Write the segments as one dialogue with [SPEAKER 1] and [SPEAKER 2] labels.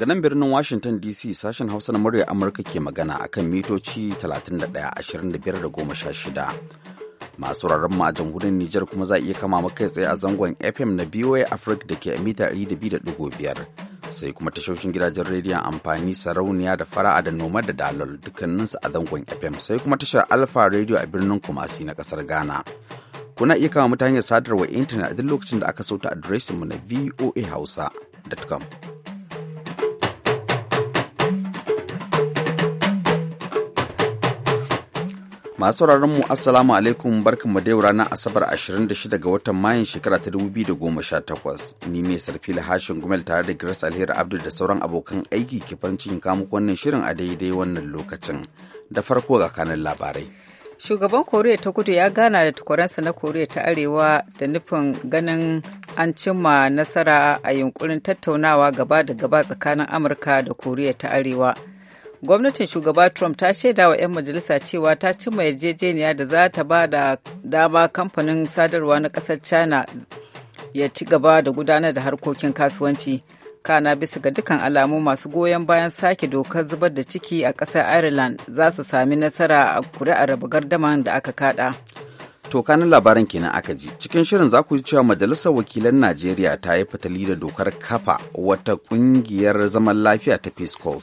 [SPEAKER 1] Daga nan birnin Washington DC sashen Hausa na murya Amurka ke magana akan mitoci 31-25-16. Masu rarren mu a jamhuriyar Nijar kuma za a iya kama maka tsaye a zangon FM na BOA Africa da ke a mita 200.5. Sai kuma tashoshin gidajen rediyon amfani sarauniya da fara'a da noma da dalol dukkaninsu a zangon FM sai kuma tashar alpha Radio a birnin Kumasi na kasar Ghana. Kuna iya kama mutane sadarwa intanet a duk lokacin da aka sauta adireshinmu na voa voahausa.com. Masu sauraron mu Assalamu alaikum barkan da yau ranar Asabar 26 ga watan Mayun shekara ta 2018. Ni ne sarfi Hashin Gumel tare da Grace Alheri Abdul da sauran abokan aiki ke farin cikin kamu wannan shirin a daidai wannan lokacin. Da farko ga kanan
[SPEAKER 2] labarai. Shugaban Koriya ta Kudu ya gana da takwaransa na Koriya ta Arewa da nufin ganin an cimma nasara a yunkurin tattaunawa gaba da gaba tsakanin Amurka da Koriya ta Arewa. gwamnatin shugaba trump ta shaida wa 'yan majalisa cewa ta cimma yarjejeniya da za ta ba da dama kamfanin sadarwa na kasar china ya ci gaba da gudanar da harkokin kasuwanci kana bisa ga dukkan alamu masu goyon bayan sake dokar zubar da ciki a kasar ireland za su sami nasara a kuri'ar raba gardaman da aka kada
[SPEAKER 1] to kanin labaran kenan aka ji cikin shirin za ku ji cewa majalisar wakilan najeriya ta yi fitali da dokar kafa wata kungiyar zaman lafiya ta peace corps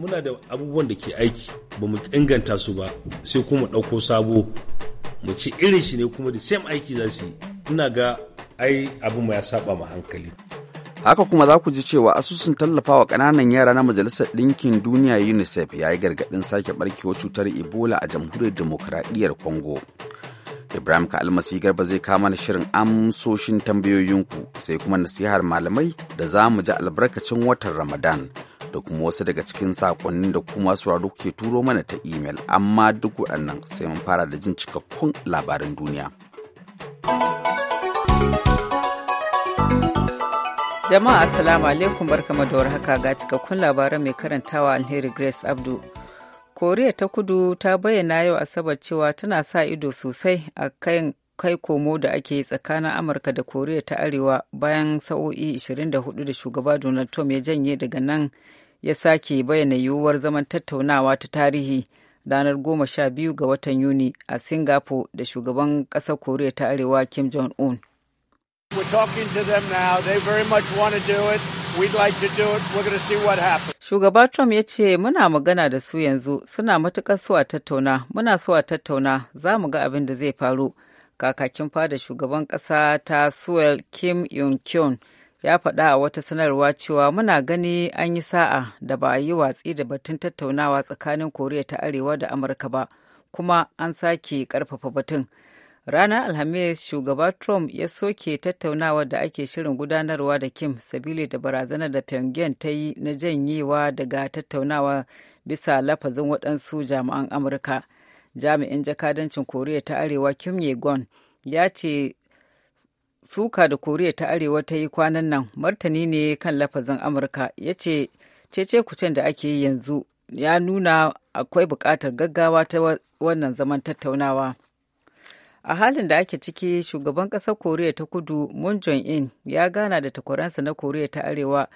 [SPEAKER 3] muna da abubuwan da ke aiki ba mu inganta su ba sai kuma ɗauko sabo mu ci irin shi ne kuma da same aiki za su yi ina ga ai abu ya saba ma hankali
[SPEAKER 1] haka kuma za ku ji cewa asusun tallafawa ƙananan yara na majalisar ɗinkin duniya unicef ya yi gargaɗin sake ɓarkewar cutar ebola a jamhuriyar demokuraɗiyyar congo ibrahim ka almasi garba zai kama na shirin amsoshin tambayoyinku sai kuma nasihar malamai da za mu ji albarkacin watan ramadan da kuma wasu daga cikin sakonnin da kuma sauraro ke turo mana ta imel amma duk waɗannan sai mun fara da jin cikakkun labaran duniya.
[SPEAKER 2] Jama'a Assalamu alaikum barkama da haka ga cikakkun labaran mai karantawa Alheri Grace Abdu. Koriya ta kudu ta bayyana yau Asabar cewa tana sa ido sosai a kan kai komo da ake tsakanin amurka da koriya ta arewa bayan sa'o'i 24 da shugaba donald trump ya janye daga nan ya sake bayyana yiwuwar zaman tattaunawa ta tarihi ranar goma sha biyu ga watan Yuni a Singapore da shugaban ƙasar Koriya ta Arewa Kim Jong-un. Shugaba Trump ya ce muna magana da su yanzu suna matuƙar so a tattauna, muna so a tattauna za mu ga abin da zai faru. Kakakin fada shugaban ƙasa ta Suwel Kim Yong-kyun ya faɗa a wata sanarwa cewa muna gani an yi sa'a da ba a yi watsi da batun tattaunawa tsakanin koriya ta arewa da amurka ba kuma an sake ƙarfafa batun ranar alhamis shugaba trump ya soke tattaunawa da ake shirin gudanarwa da kim sabili da barazanar da pyongyang ta yi na janyewa daga tattaunawa bisa lafazin waɗansu jami'an amurka jami'in jakadancin koriya ta arewa kim ye-gon ya ce suka da koriya ta arewa ta yi kwanan nan martani ne kan lafazin amurka ya ce cece kucen da ake yi yanzu ya nuna akwai bukatar gaggawa ta wannan zaman tattaunawa a halin da ake ciki shugaban ƙasar koriya ta kudu moon in ya gana da takwaransa na koriya ta arewa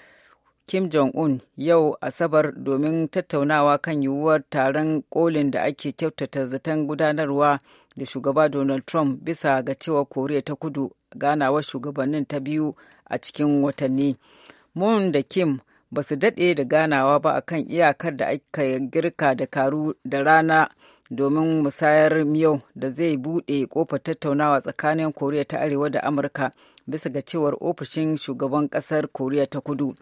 [SPEAKER 2] kim jong-un yau asabar domin tattaunawa kan yiwuwar taron kolin da ake kyautata zaton gudanarwa da shugaba donald trump bisa ga cewa koriya ta kudu ganawar shugabannin ta biyu a cikin watanni mun da kim ba su daɗe da ganawa ba a kan iyakar da aka girka da karu da rana domin musayar miyau da zai buɗe ƙofar tattaunawa tsakanin koriya ta arewa da amurka bisa ga cewar ofishin shugaban ƙasar koriya ta kudu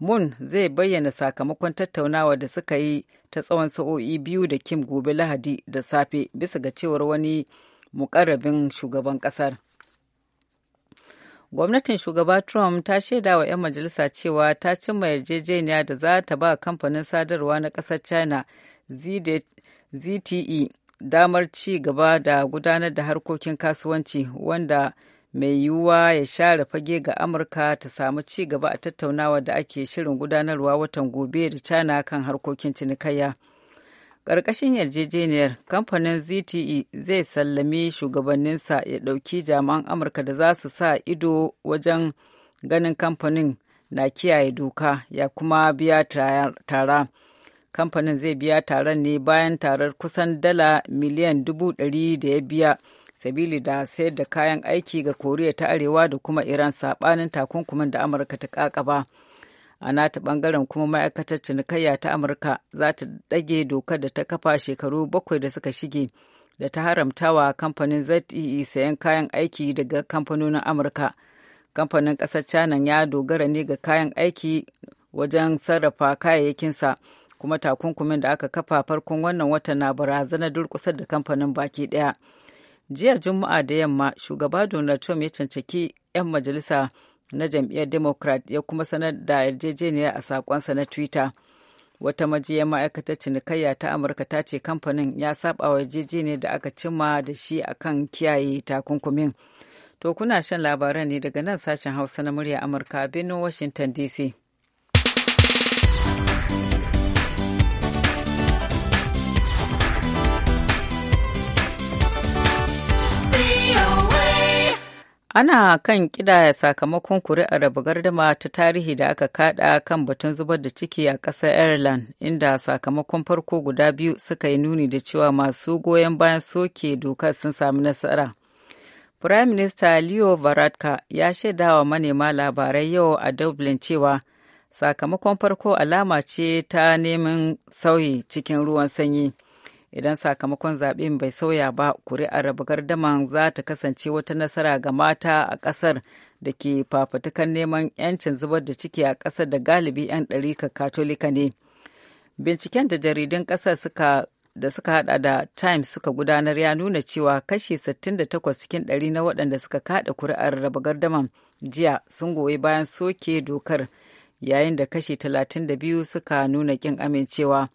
[SPEAKER 2] mun zai bayyana sakamakon tattaunawa da suka yi ta tsawon sa'o'i biyu da kim gobe lahadi da safe bisa ga cewar wani mukarrabin shugaban ƙasar gwamnatin shugaba trump ta shaida wa 'yan majalisa cewa ta cimma yarjejeniya da za ta ba kamfanin sadarwa na ƙasar china zte e, damar ci gaba da gudanar da harkokin kasuwanci wanda mai yiwuwa ya share fage ga amurka ta samu ci gaba a tattaunawa da ake shirin gudanarwa watan gobe da china kan harkokin cinikayya. ƙarƙashin yarjejeniyar kamfanin zte zai sallami shugabanninsa ya ɗauki jami'an amurka da za su sa ido wajen ganin kamfanin na kiyaye doka ya kuma biya tara kamfanin zai biya taron ne bayan tarar kusan dala miliyan dubu ɗari da ya biya sabili da sayar da kayan aiki ga koriya ta arewa da kuma iran saɓanin takunkumin da amurka ta ƙaƙaba. ba a nata bangaren kuma ma'aikatar cinikayya ta amurka za ta ɗage dokar da ta kafa shekaru bakwai da suka shige da ta haramtawa kamfanin zte e sayan kayan aiki daga kamfanonin amurka kamfanin ƙasar china ya dogara ne ga kayan aiki wajen sarrafa kayayyakinsa kuma takunkumin da aka kafa farkon wannan watan na barazana durƙusar da kamfanin baki ɗaya jiya juma'a da yamma shugaba donald trump ya cancaki 'yan majalisa na jam'iyyar democrat ya kuma sanar da yarjejeniya a sakonsa na twitter wata majiyar ma'aikatar cinikayya ta amurka ta ce kamfanin ya saba wa yarjejeniyar da aka cimma da shi akan kiyaye takunkumin to kuna shan labaran ne daga nan sashen hausa na murya amurka birnin washington dc ana kan kidaya sakamakon kuri'ar raba gardama ta tarihi da aka kada kan batun zubar da ciki a ƙasar ireland inda sakamakon farko guda biyu suka yi nuni da cewa masu goyon bayan soke dokar sun sami nasara prime minister leo varadkar ya shaidawa manema labarai yau a dublin cewa sakamakon farko alama ce ta neman sauyi cikin ruwan sanyi. idan sakamakon zaɓen bai sauya ba kuri'ar raba gardaman za ta kasance wata nasara ga mata a ƙasar da ke fafutukan neman 'yancin zubar da ciki a ƙasar da galibi 'yan ɗarika katolika ne binciken da jaridun ƙasar da suka hada da times suka gudanar ya nuna cewa kashi 68 cikin ɗari na waɗanda suka kaɗa kuri'ar raba gardaman jiya sun goyi bayan soke dokar yayin da kashi 32 suka nuna kin amincewa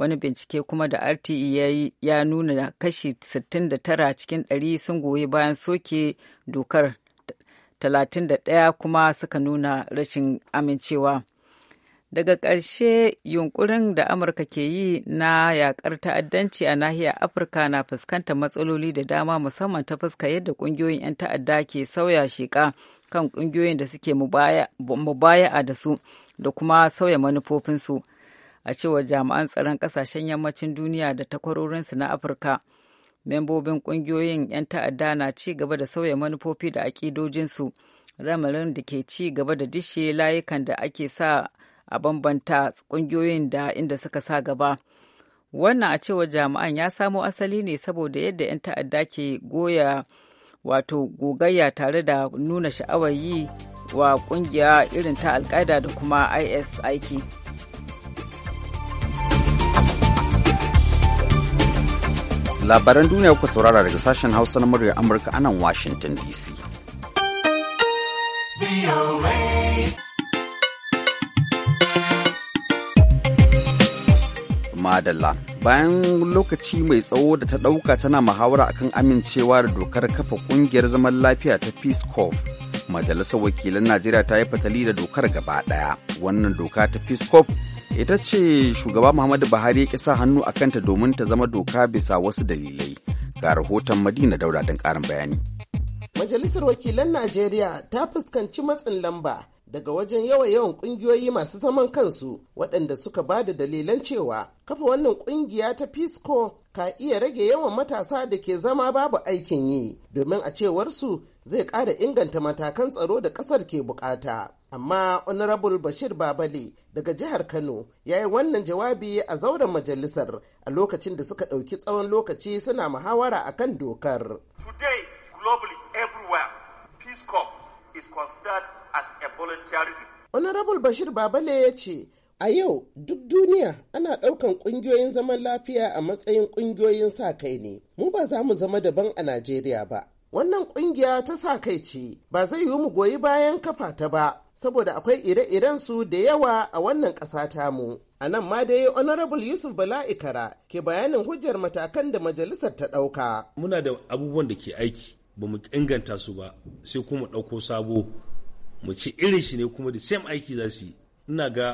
[SPEAKER 2] wani bincike kuma da rte ya ya nuna kashi 69 cikin 100 sun goyi bayan soke dokar 31 kuma suka nuna rashin amincewa daga ƙarshe yunkurin da amurka ke yi na yaƙar ta'addanci a nahiyar afirka na fuskantar matsaloli da dama musamman ta fuska yadda ƙungiyoyin 'yan ta'adda ke sauya sheƙa kan ƙungiyoyin da suke mubaya'a da su da kuma sauya manufofinsu a cewar jami'an tsaron kasashen yammacin duniya da takwarorinsu na afirka membobin ƙungiyoyin 'yan ta'adda na ci gaba da sauya manufofi da aƙidojinsu ramarin da ke ci gaba da dishe layukan da ake sa a bambanta ƙungiyoyin da inda suka sa gaba wannan a cewar jami'an ya samo asali ne saboda yadda 'yan ta'adda ke goya wato gogayya tare da nuna sha'awar yi wa ƙungiya irin ta alƙaida da kuma is aiki.
[SPEAKER 1] labaran duniya kuka saurara daga sashen hausa na murya amurka anan washington dc madalla bayan lokaci mai tsawo da ta ɗauka tana muhawara akan amincewa da dokar kafa ƙungiyar zaman lafiya ta peace corps majalisar wakilan najeriya ta yi fatali da dokar gaba ɗaya wannan doka ta peace corps ita ce shugaba Muhammadu Buhari ya sa hannu a kanta domin ta zama doka bisa wasu dalilai. Ga rahoton Madina Daura don ƙarin bayani.
[SPEAKER 4] Majalisar Wakilan Najeriya ta fuskanci matsin lamba daga wajen yawa-yawan kungiyoyi masu zaman kansu waɗanda suka ba da dalilan cewa kafa wannan kungiya ta pisco ka iya rage yawan matasa da ke zama babu aikin yi domin a cewarsu zai ƙara inganta matakan tsaro da ƙasar ke bukata. amma honorable bashir babale daga jihar kano ya yi wannan jawabi a zauren majalisar a lokacin da suka ɗauki tsawon lokaci suna muhawara a kan dokar
[SPEAKER 5] today globally everywhere peace
[SPEAKER 4] a honorable bashir babale ya ce a yau duk duniya ana ɗaukan ƙungiyoyin zaman lafiya a matsayin ƙungiyoyin sa kai ne mu ba za mu zama daban a najeriya ba wannan ƙungiya ta sa kai ce ba zai yiwu mu goyi bayan kafa ta ba saboda akwai ire iren su da yawa a wannan ƙasa tamu. A nan ma dai Honorable Yusuf Bala Ikara ke bayanin hujjar matakan da majalisar ta ɗauka.
[SPEAKER 3] Muna da abubuwan da ke aiki ba mu inganta su ba sai kuma ɗauko sabo mu ci irin shi ne kuma da same aiki za su yi. Ina ga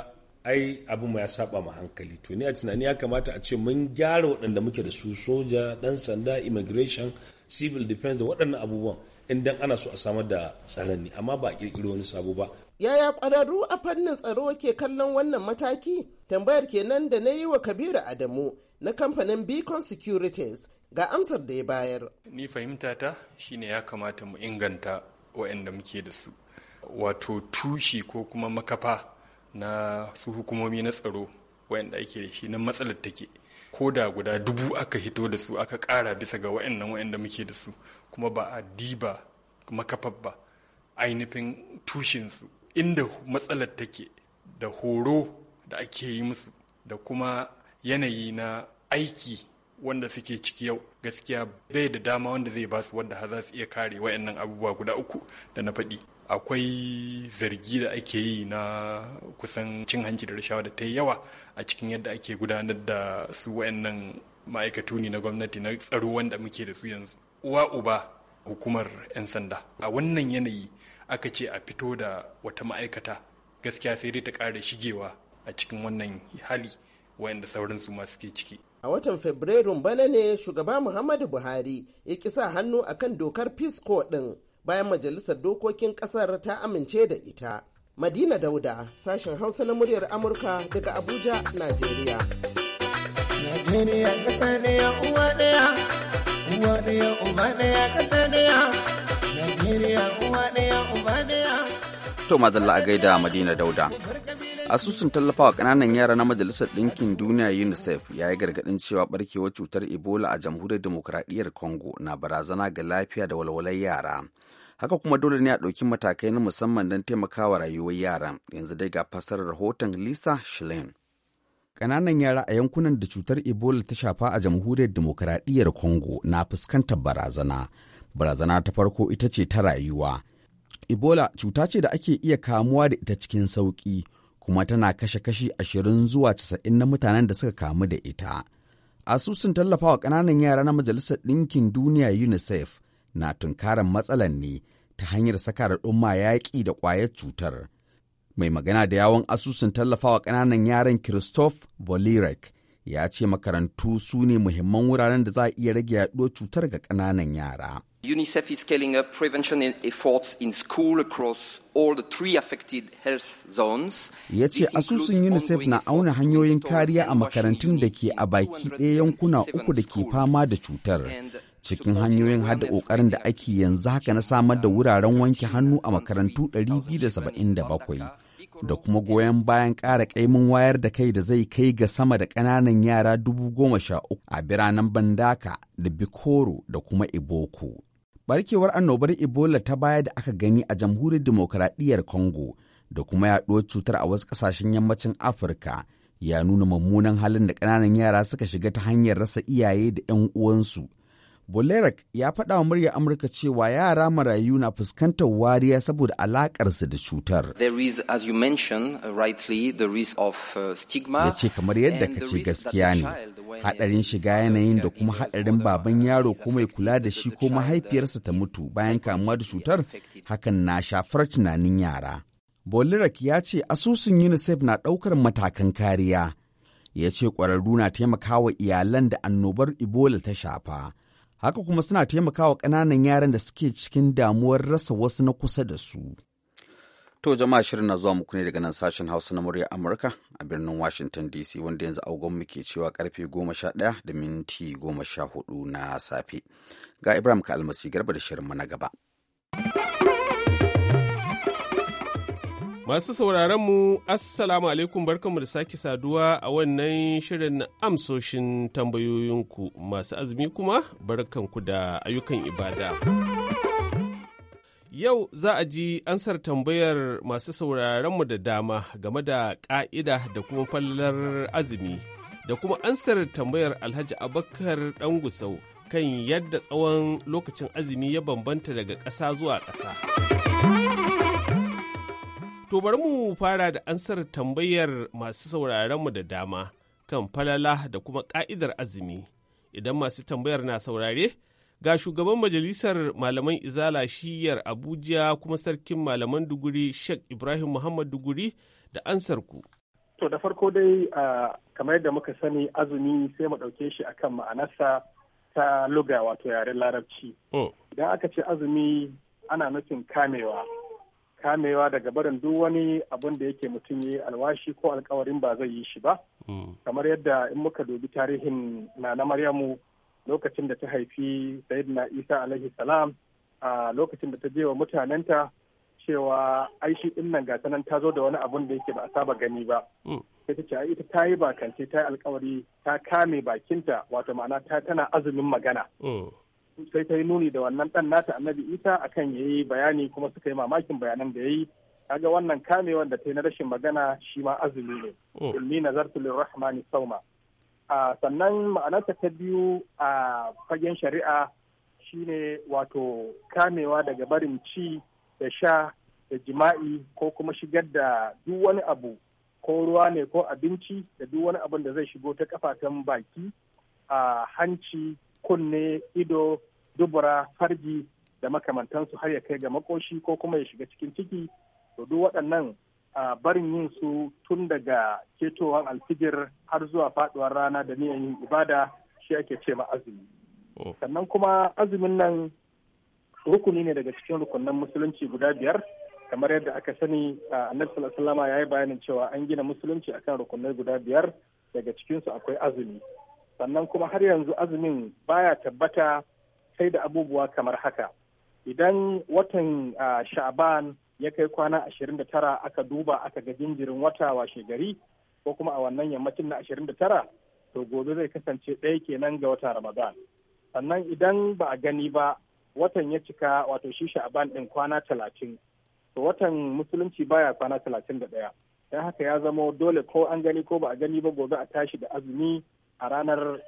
[SPEAKER 3] ai abu ma ya saba ma hankali to ni a tunani ya kamata a ce mun gyara waɗanda muke da su soja ɗan sanda immigration civil defense da waɗannan abubuwan in ana so a samar da tsaron ne amma ba a kirkiro wani sabo ba
[SPEAKER 4] yaya kwararru a fannin tsaro ke kallon wannan mataki tambayar kenan da na yi wa kabiru adamu na kamfanin beacon securities ga amsar da ya bayar
[SPEAKER 5] ni fahimta ta shine ya kamata mu inganta waɗanda muke da su wato tushi ko kuma makafa na su hukumomi na tsaro waɗanda ake da shi na matsalar take koda guda dubu aka hito da su aka ƙara bisa ga wa'annan wa'anda muke da su kuma ba a diba makafar ba ainihin tushensu inda matsalar take da horo da ake yi musu da kuma yanayi na aiki wanda suke ciki yau gaskiya bai da dama wanda zai basu wadda har za su iya kare wayannan abubuwa guda uku da na faɗi akwai zargi da ake yi na kusan cin hanci da rashawa da ta yi yawa a cikin yadda ake gudanar da su wayannan ma'aikatu ne na gwamnati na tsaro wanda muke da su yanzu uwa uba hukumar 'yan sanda a wannan yanayi aka ce a fito da wata ma'aikata gaskiya sai dai ta ƙara shigewa a cikin wannan hali wayanda sauransu masu ke ciki
[SPEAKER 4] a watan fabrairun bana ne shugaba muhammadu buhari ya kisa hannu akan dokar Peace Corps din. bayan majalisar dokokin kasar ta amince da ita. Madina Dauda, sashen Hausa na muryar Amurka daga Abuja, Najeriya. Najeriya ƙasa ɗaya uwa ɗaya,
[SPEAKER 6] uwa ɗaya uba ɗaya ƙasa ɗaya. Najeriya uwa ɗaya uba ɗaya.
[SPEAKER 1] To madalla a gaida Madina Dauda. Asusun tallafawa ƙananan yara na Majalisar Ɗinkin Duniya UNICEF ya yi gargaɗin cewa ɓarkewar cutar Ebola a Jamhuriyar Demokuraɗiyyar Congo na barazana ga lafiya da walwalar yara. haka kuma dole ne a ɗauki matakai na musamman don taimakawa rayuwar yara yanzu dai ga fasar rahoton lisa shilin ƙananan yara a yankunan da cutar ebola ta shafa a jamhuriyar demokuraɗiyyar congo na fuskantar barazana barazana ta farko ita ce ta rayuwa ebola cuta ce da ake iya kamuwa da ita cikin sauƙi kuma tana kashe kashi ashirin zuwa casa'in na mutanen da suka kamu da ita asusun tallafawa ƙananan yara na majalisar ɗinkin duniya unicef na tunkarar matsalan ne ta hanyar saka da yaƙi da ƙwayar cutar. Mai magana da yawon asusun tallafawa ƙananan yaran Christoph Volirek ya ce makarantu su ne muhimman wuraren da za a iya rage yaɗuwar cutar ga ƙananan yara.
[SPEAKER 5] UNICEF is scaling up prevention e-, efforts in school
[SPEAKER 1] across all the three affected health zones. Ya ce asusun UNICEF na auna hanyoyin kariya a makarantun da ke a baki ɗaya yankuna uku da ke fama da cutar. cikin hanyoyin hada kokarin da ake yanzu haka na samar da wuraren wanke hannu a makarantu 277 da kuma goyon bayan ƙara ƙaimin wayar da kai da zai kai ga sama da ƙananan yara dubu goma sha uku a biranen Bandaka da Bikoro da kuma Iboko. Barkewar annobar Ebola ta baya da aka gani a jamhuriyar Dimokuraɗiyyar Congo da kuma yaɗuwar cutar a wasu ƙasashen yammacin Afirka ya nuna mummunan halin da ƙananan yara suka shiga ta hanyar rasa iyaye da 'yan uwansu Bolerak ya faɗa wa muryar Amurka cewa yara marayu na fuskantar wariya saboda alaƙarsu da cutar. Uh, uh, ya ce kamar yadda ka ce gaskiya ne, haɗarin shiga yanayin da kuma haɗarin baban uh, yaro ko mai kula da shi ko mahaifiyarsa ta mutu bayan kamuwa da cutar hakan na shafar tunanin yara. bolerak ya ce asusun UNICEF na ɗaukar matakan kariya. Ya ce ƙwararru na taimakawa iyalan da annobar Ebola ta shafa. haka kuma suna taimakawa ƙananan yaran da suke cikin damuwar rasa wasu na kusa da su. To jama'a shirin na zuwa muku ne daga nan sashen Hausa na murya Amurka a birnin Washington DC wanda yanzu agon muke cewa karfe goma sha ɗaya da minti goma sha hudu na safe. Ga Ibrahim ka almasi Garba da shirin na gaba.
[SPEAKER 7] Masu sauraronmu, Assalamu alaikum barkanmu da sake saduwa a wannan shirin amsoshin tambayoyinku masu azumi kuma barkanku da ayyukan ibada. Yau za a ji ansar tambayar masu sauraronmu da dama game da ƙa'ida da kuma fallar azumi da kuma ansar tambayar Alhaji Abakar Gusau kan yadda tsawon lokacin azumi ya bambanta daga ƙasa zuwa ƙasa. To bari mu fara da ansar tambayar masu sauraronmu da dama kan falala da kuma ƙa'idar azumi. Idan masu tambayar na saurare, ga shugaban majalisar malaman izala shiyar Abuja kuma sarkin malaman duguri Sheikh Ibrahim Muhammad duguri da ansar ku.
[SPEAKER 3] To da farko dai kamar yadda muka sani azumi sai mu ɗauke shi akan ma'anarsa ta luga wato yaren larabci. Oh. Idan aka ce azumi ana nufin kamewa. kamewa daga barin duk wani abin da yake mutum yi alwashi ko alkawarin ba zai yi shi ba hmm. kamar yadda in muka dubi tarihin na na maryamu lokacin da ta haifi sayyidina isa alaihi salam a lokacin da ta je wa mutanenta cewa ai shi din nan gata nan ta zo da wani abun da yake ba a saba gani ba hmm. sai ta ce ita ta yi bakance ta yi alkawari ta kame bakinta wato ma'ana ta tana azumin magana hmm. sai ta yi nuni da wannan ɗan nata annabi isa akan ya yi bayani kuma suka yi mamakin bayanan da ya yi kaga wannan kamewan da ta yi na rashin magana shi ma azumi ne oh. ilmi na zartulin rahmani sauma sannan ma'anarta ta biyu a fagen shari'a shine wato kamewa daga barin ci da sha da jima'i ko kuma shigar da duk wani abu ko ruwa ne ko abinci da duk wani abin da zai shigo ta kafatan baki a hanci kunne ido dubura farji da makamantansu har ya kai ga makoshi ko kuma ya shiga cikin ciki to duk waɗannan barin yin su tun daga ketowar alfijir har zuwa faɗuwar rana da niyan yin ibada shi ake ce ma azumi oh. sannan kuma azumin nan rukuni ne daga cikin rukunan musulunci guda biyar kamar yadda aka sani annabi sallallahu alaihi ya yi bayanin cewa an gina musulunci akan rukunai guda biyar daga cikinsu akwai azumi sannan kuma har yanzu azumin baya tabbata sai da abubuwa kamar haka idan watan sha'ban ya kai kwana ashirin da tara aka duba aka ga jinjirin wata washe gari ko kuma a wannan yammacin na ashirin da tara to gobe zai kasance ɗaya kenan ga wata ramadan sannan idan ba a gani ba watan ya cika wato shi sha'aban ɗin kwana talatin to watan musulunci baya kwana talatin da ɗaya don haka ya zamo dole ko an gani ko ba a gani ba gobe a tashi da azumi a ranar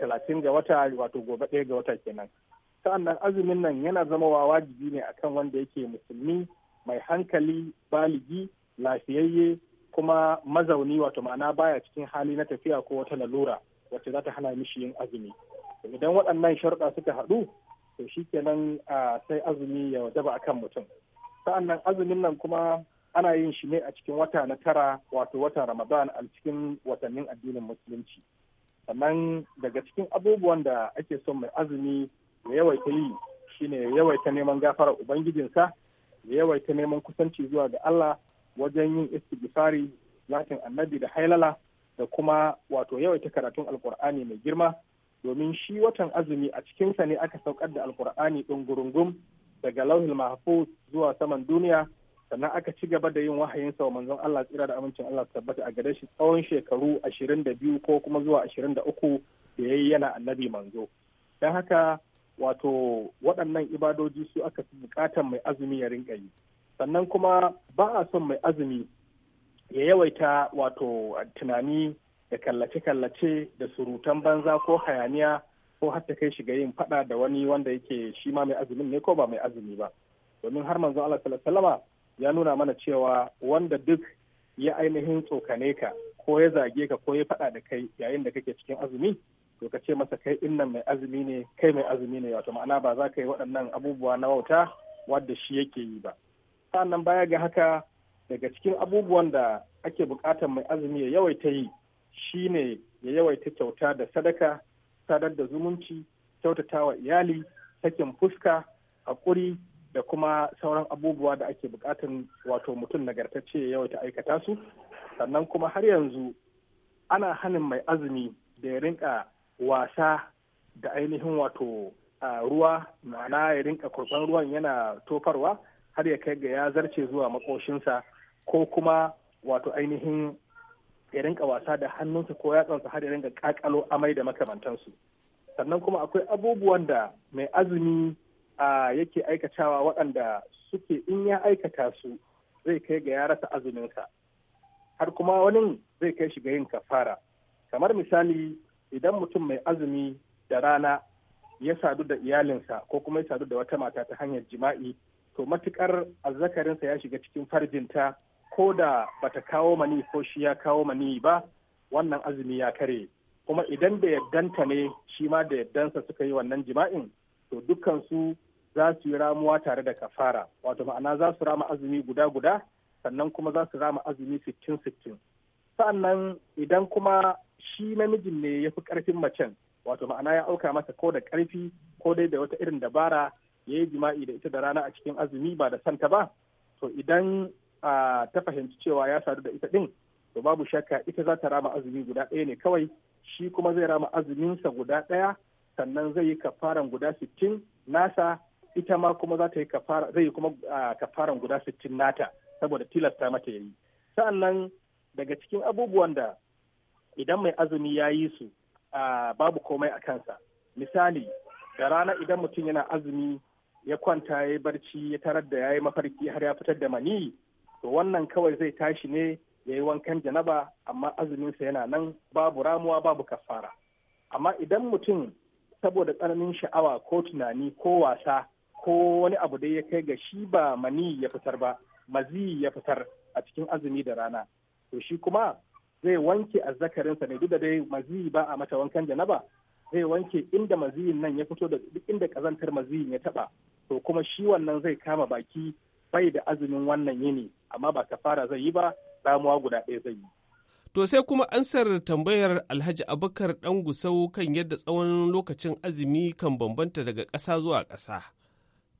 [SPEAKER 3] talatin ga wata wato gobe ɗaya ga wata kenan sa'annan azumin nan yana zama wa wajibi ne akan wanda yake musulmi mai hankali baligi lafiyayye kuma mazauni wato ma'ana baya cikin hali na tafiya ko wata lalura wacce za ta hana mishi yin azumi idan waɗannan sharuɗa suka haɗu to shi kenan sai azumi ya wajaba akan mutum sa'annan azumin nan kuma ana yin shi ne a cikin wata na tara wato watan ramadan a cikin watannin addinin musulunci sannan daga cikin abubuwan da ake son mai azumi ya yawaita yi shine ya yawaita neman gafara ubangijinsa ya yawaita neman kusanci zuwa ga Allah wajen yin istighfari zatin annabi da hailala da kuma wato yawaita karatun alkur'ani mai girma domin shi watan azumi a cikinsa ne aka saukar da alkur'ani ɗin gurungum daga lauhil mahfuz zuwa saman duniya sannan aka ci gaba da yin wahayin sa wa manzon Allah tsira da amincin Allah tabbata a gare shi tsawon shekaru ashirin 22 ko kuma zuwa 23 da yayi yana annabi manzo dan haka wato waɗannan ibadoji su aka fi buƙatar mai azumi ya rinka yi sannan kuma ba a son mai azumi ya yawaita wato tunani da kallace-kallace da surutan banza ko hayaniya ko har ta kai shiga yin faɗa da wani wanda yake shi ma mai azumin ne ko ba mai azumi ba domin har manzon Allah sallallahu alaihi ya nuna mana cewa wanda duk ya ainihin tsokane ka ko ya zage ka ko ya faɗa da kai yayin da kake cikin azumi to ka ce masa kai innan mai azumi ne kai mai azumi ne wato ma'ana ba za ka yi waɗannan abubuwa na wauta wadda shi yake yi ba sannan baya ga haka daga cikin abubuwan da ake buƙatar mai azumi ya yawaita yi shine ya yawaita kyauta da sadaka sadar da zumunci kyautatawa iyali sakin fuska haƙuri da kuma sauran abubuwa da ake bukatan wato mutum nagartacce ya yawaita aikata su sannan kuma har yanzu ana hanin mai azumi da ya rinka wasa da ainihin wato ruwa ma'ana ya rinka kurban ruwan yana tofarwa har ya kai ga ya zarce zuwa makoshinsa ko kuma wato ainihin ya rinka wasa da hannunsa ko yatsansa har ya rinka kakalo amai da makamantansu sannan kuma akwai abubuwan da mai azumi yake aikatawa waɗanda suke in ya aikata su zai kai ga ya rasa azuminsa har kuma wani zai kai shi ga yin kafara kamar misali idan mutum mai azumi da rana ya sadu da iyalinsa ko kuma ya sadu da wata mata ta hanyar jima'i to matukar azzakarinsa ya shiga cikin farjinta ko da bata kawo mani ko shi ya kawo mani ba wannan azumi ya kare kuma idan da yaddanta ne shi ma da yaddansa suka yi wannan jima'in to dukkan su za su yi ramuwa tare da kafara wato ma'ana za su rama azumi guda guda sannan kuma za su rama azumi sittin sittin sa'annan idan kuma shi namijin ne ya fi karfin macen wato ma'ana ya auka masa ko da karfi ko dai da wata irin dabara ya yi jima'i da ita da rana a cikin azumi ba da santa ba to idan ta fahimci cewa ya sadu da ita din to babu shakka ita za ta rama azumi guda ɗaya ne kawai shi kuma zai rama azuminsa guda ɗaya sannan zai yi kafaran guda sittin nasa ita ma kuma za ta yi kafara zai yi kuma kafaran guda sittin nata saboda tilasta mata ya yayi sa'annan daga cikin abubuwan da idan mai azumi ya yi su babu komai a kansa misali da rana idan mutum yana azumi ya kwanta ya yi barci ya tarar da ya yi mafarki har ya fitar da mani to wannan kawai zai tashi ne ya yi wankan janaba amma azuminsa yana nan babu ramuwa babu kafara amma idan mutum saboda tsananin sha'awa ko tunani ko wasa ko wani abu da ya kai ga shi ba mani ya fitar ba mazi ya fitar a cikin azumi da rana to shi kuma zai wanke azzakarinsa ne duk da dai mazi ba a mata wankan janaba zai wanke inda maziyin nan ya fito da duk inda kazantar maziyin ya taba to kuma shi wannan zai kama baki bai da azumin wannan yini amma ba kafara zai yi ba ramuwa guda ɗaya zai yi To sai kuma
[SPEAKER 7] ansar tambayar Alhaji Abubakar ɗan gusau kan yadda tsawon lokacin azumi kan bambanta daga ƙasa zuwa ƙasa.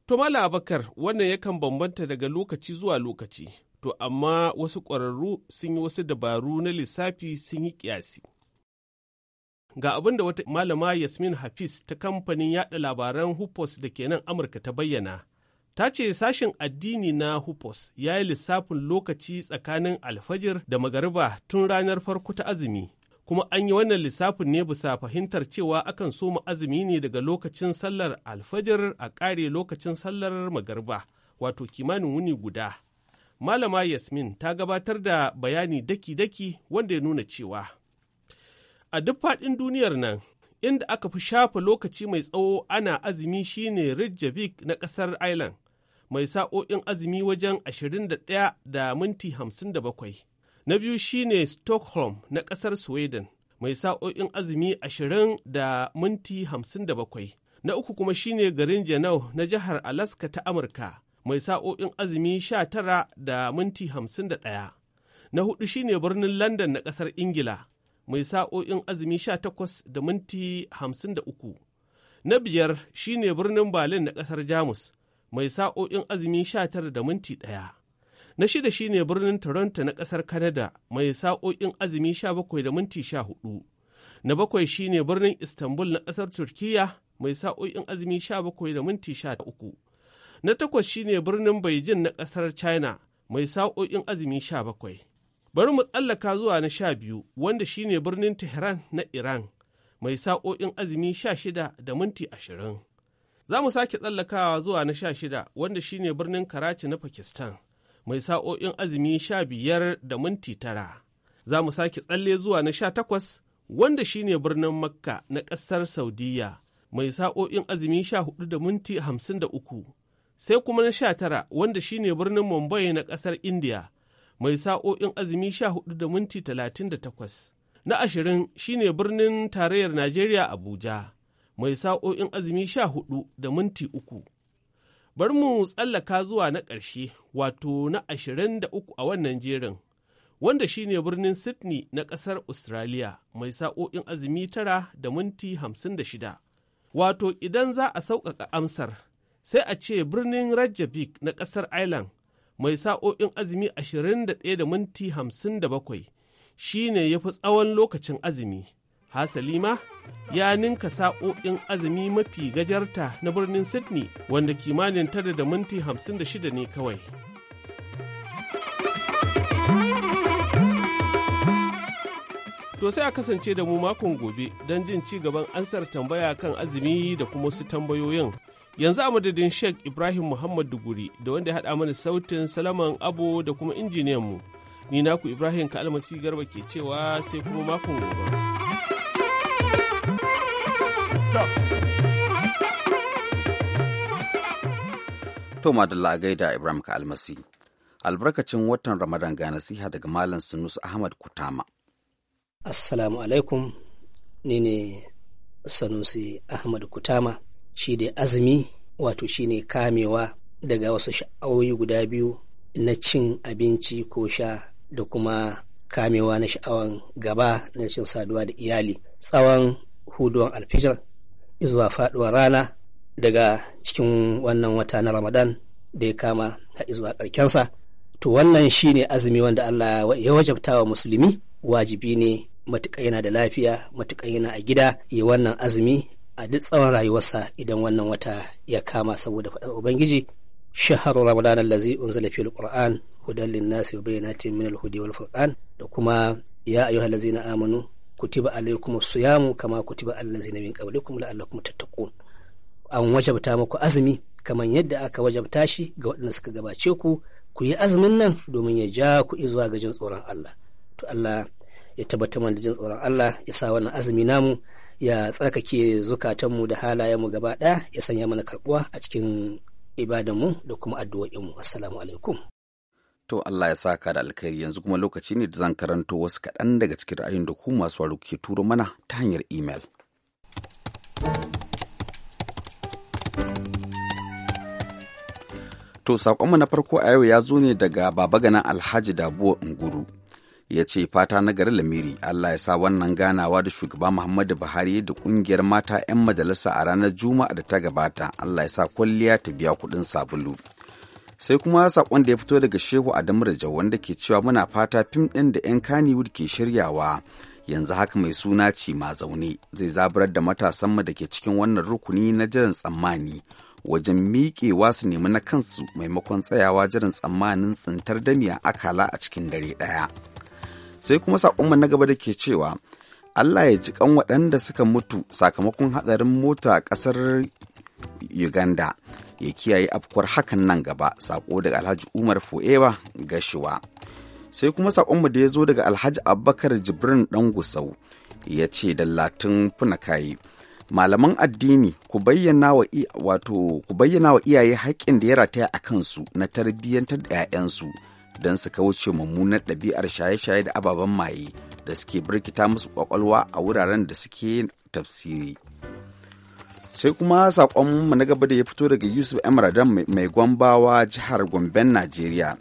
[SPEAKER 7] To Mala Abubakar wannan yakan bambanta daga lokaci zuwa lokaci, to amma wasu ƙwararru sun yi wasu dabaru na lissafi sun yi ƙyasi. Ga abin da wata malama Yasmin Hafiz ta kamfanin yada labaran Hupos da ke nan Amurka ta bayyana. ta ce sashen addini na hupos ya yi lissafin lokaci tsakanin alfajir da magariba tun ranar farko ta azumi kuma an yi wannan lissafin ne bisa fahimtar cewa akan soma azumi ne daga lokacin sallar alfajir a kare lokacin sallar magariba wato kimanin wuni guda malama yasmin ta gabatar da bayani daki-daki wanda ya nuna cewa a duk faɗin duniyar nan inda aka fi shafa lokaci mai tsawo ana azumi shine Reykjavik na ƙasar Ireland. mai sa'o'in azumi wajen 21 da minti 57. Na biyu shine Stockholm na ƙasar Sweden mai sa'o'in azumi 20 da minti 57. Na uku kuma shine garin Janau na jihar Alaska ta Amurka mai sa'o'in azumi 19 da minti 51. Na hudu shine birnin London na ƙasar Ingila mai sa'o'in azumi 18 da minti 53. Na biyar shine birnin Berlin na ƙasar Jamus mai sa'o'in azumi sha tara da minti ɗaya. Na shida shine birnin Toronto na ƙasar Canada mai sa'o'in azumi 17 da minti 14. Na bakwai shine birnin Istanbul na ƙasar Turkiyya mai sa'o'in azumi 17 da minti 13. Na takwas shine birnin Beijing na ƙasar China mai sa'o'in azumi 17. Bari mu tsallaka zuwa na sha biyu wanda shine birnin Tehran na Iran mai sa'o'in azumi sha shida da minti 20. Za mu sake tsallakawa zuwa na sha shida wanda shine birnin Karachi na Pakistan mai sa'o'in azumi sha biyar da minti tara. Za mu sake tsalle zuwa na sha takwas wanda shine birnin Makka na ƙasar Saudiya mai sa'o'in azumi sha hudu da minti hamsin da uku. Sai kuma na sha tara wanda shine birnin Mumbai na ƙasar India mai sa'o'in azumi sha hudu da minti talatin da takwas. Na ashirin shine birnin tarayyar Najeriya Abuja. mai sa'o'in azumi sha hudu da minti uku. Bar mu tsallaka zuwa na ƙarshe wato na ashirin da uku a wannan jerin, wanda shine birnin Sydney na ƙasar Australia mai sa'o'in azumi tara da minti hamsin da shida. Wato idan za a sauƙaƙa amsar, sai a ce birnin Rajabik na ƙasar Ireland mai sa'o'in azumi ashirin da ɗaya da minti hamsin da bakwai shi ne ya fi tsawon lokacin azumi. Hasalima ya ninka sa'o'in azumi mafi gajarta na birnin sydney wanda kimanin tara da minti 56 ne kawai to sai a kasance da mu makon gobe don jin ci gaban ansar tambaya kan azumi da kuma su tambayoyin yanzu a madadin sheikh ibrahim muhammad duguri da wanda ya haɗa mana sautin salaman abo da kuma injiniyanmu ni naku ibrahim kalmasi garba ke cewa sai kuma makon gobe.
[SPEAKER 1] To madalla a gaida Ibrahim ka almasi. Albarkacin watan Ramadan ga nasiha daga Malam Sunus Ahmad Kutama.
[SPEAKER 6] Assalamu alaikum, ni ne Sanusi Ahmad Kutama, shi da azumi wato shi ne kamewa daga wasu sha'awoyi guda biyu na cin abinci ko sha da kuma kamewa na sha'awan gaba na cin saduwa da iyali tsawon huduwan alfijar zuwa faduwar rana daga cikin wannan wata na Ramadan da ya kama har zuwa ƙarkensa. To wannan shi ne azumi wanda Allah ya wajabta wa musulmi wajibi ne matuƙa yana da lafiya matuƙa yana a gida ya wannan azumi a duk tsawon rayuwarsa idan wannan wata ya kama saboda faɗar Ubangiji. shahar Ramadan allazi unzila fil Qur'an hudan linnasi wa bayyanatin min al-hudi wal furqan da kuma ya ayyuhallazina amanu kutiba alaykumus siyamu kama kutiba allazina min qablikum la'allakum tattaqun an wajabta muku azumi kamar yadda aka wajabta shi ga waɗanda suka gabace ku ku yi azumin nan domin ya ja ku zuwa ga jin tsoron Allah to Allah ya tabbatar mana da jin tsoron Allah ya sa wannan azumi namu ya tsarkake zukatanmu da halayenmu gaba ɗaya ya sanya mana karɓuwa a cikin ibadanmu da kuma addu'o'inmu assalamu alaikum
[SPEAKER 1] to Allah ya saka da alkhairi yanzu kuma lokaci ne da zan karanto wasu kaɗan daga cikin ra'ayin da ku masu ke turo mana ta hanyar imel. To saƙonmu na farko a yau ya zo ne daga baba ganan Alhaji Dabuwa Nguru. Ya ce fata na gari Lamiri Allah ya sa wannan ganawa da shugaba Muhammadu Buhari da ƙungiyar mata 'yan majalisa a ranar Juma'a da ta gabata Allah ya sa kwalliya ta biya kuɗin sabulu. Sai kuma saƙon da ya fito daga Shehu Adamu Rajau wanda ke cewa muna fata fim ɗin da 'yan Kannywood ke shiryawa yanzu haka mai suna ci ma zaune zai zaburar da matasanmu da ke cikin wannan rukuni na jiran tsammani. wajen miƙewa su nemi na kansu maimakon tsayawa jiran tsammanin tsintar damiya akala a cikin dare ɗaya sai kuma saƙonmu na gaba da ke cewa allah ya ji kan waɗanda suka mutu sakamakon haɗarin mota a ƙasar uganda ya kiyaye afkuwar hakan nan gaba saƙo daga alhaji umar fo'ewa gashiwa sai kuma saƙonmu da ya zo daga alhaji abubakar jibrin ɗan gusau ya ce da latin kayi malaman addini ku bayyana wa wato ku bayyana wa iyaye haƙƙin da ya rataya a kansu na tarbiyyantar da 'ya'yansu don su kauce mummunar ɗabi'ar shaye-shaye da ababen maye da suke birkita musu kwakwalwa a wuraren da suke tafsiri sai kuma saƙon mu na gaba da ya fito daga yusuf emradan mai gwambawa jihar gomben najeriya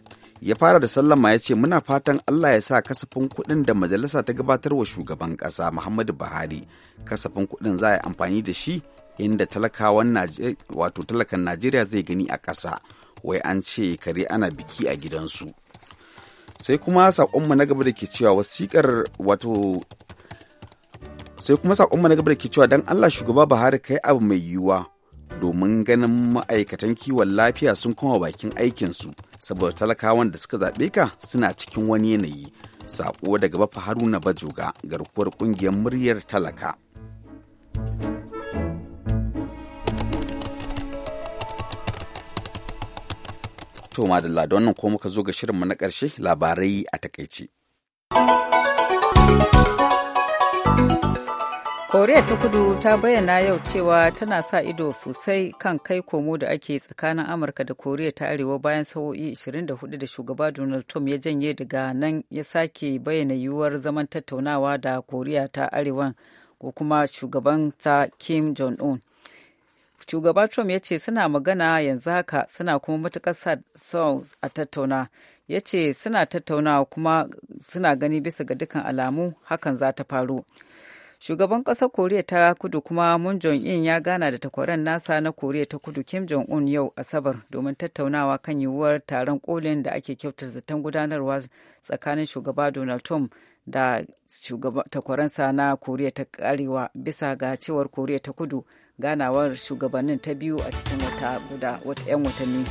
[SPEAKER 1] ya fara da sallama ya ce muna fatan Allah ya sa kasafin kuɗin da majalisa ta gabatar wa shugaban ƙasa Muhammadu Buhari kasafin kuɗin za a amfani da shi inda talakawan wato talakan Najeriya zai gani a ƙasa wai an ce kare ana biki a gidansu sai kuma saƙonmu na gaba da ke cewa wasiƙar wato sai kuma saƙonmu na gaba da ke cewa don Allah shugaba Buhari kai abu mai yiwuwa domin ganin ma'aikatan kiwon lafiya sun koma bakin aikinsu saboda talakawan da suka zaɓe ka suna cikin wani yanayi saƙo daga bafa haruna bajoga garkuwar ƙungiyar muryar talaka to madalla da wannan ko muka zo ga shirinmu na ƙarshe labarai a takaice.
[SPEAKER 2] koriya ta kudu ta bayyana yau cewa tana sa ido sosai kan kai komo da ake tsakanin amurka da koriya ta arewa bayan sa'o'i 24 da shugaba donald trump ya janye daga nan ya sake bayyana yiwuwar zaman tattaunawa da koriya ta arewa ko kuma shugaban ta kim jong-un shugaba trump ya ce suna magana yanzu haka suna kuma matukar sa a tattauna ya ce suna tattaunawa kuma suna gani bisa ga dukkan alamu hakan za ta faru Shugaban ƙasar Koriya ta kudu kuma Moon Jong-in ya gana da takwaran nasa na Koriya ta kudu Kim Jong-un yau Asabar domin tattaunawa kan yiwuwar taron kolin da ake kyautar zaton gudanarwa tsakanin shugaba Donald Trump da takwaransa na Koriya ta Arewa bisa ga cewar Koriya ta kudu ganawar shugabannin ta biyu a cikin wata guda wata 'yan watanni.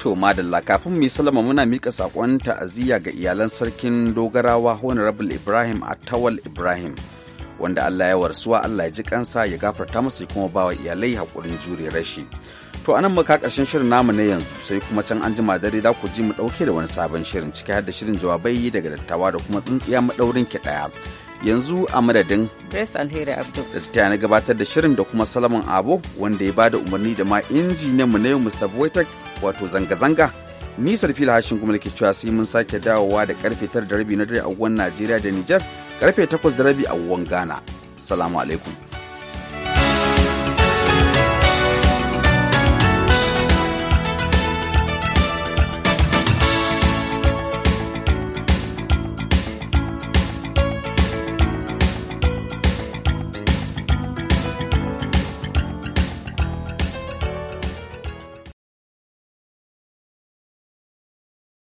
[SPEAKER 1] To madalla kafin mu salama muna mika sakon ta'aziyya ga iyalan sarkin dogarawa Honorable Ibrahim Atawal Ibrahim. wanda Allah ya warsuwa Allah ya ji kansa ya gafarta masa ya kuma bawa iyalai haƙurin jure rashi to anan muka ƙarshen shirin namu na yanzu sai kuma can an jima dare za ku ji mu ɗauke da wani sabon shirin ciki har da shirin jawabai daga dattawa da kuma tsintsiya maɗaurin ki ɗaya yanzu a madadin
[SPEAKER 2] Grace Alheri Abdu
[SPEAKER 1] da ta na gabatar da shirin da kuma Salaman Abo wanda ya bada umarni da ma injiniyan mu na yau Mr. Boytek wato zanga-zanga ni sarfila hashin kuma da ke cewa sai mun sake dawowa da karfe tara da rabi na dare a Najeriya da Nijar karfe 8 da rabi a Ghana. Salamu alaikum.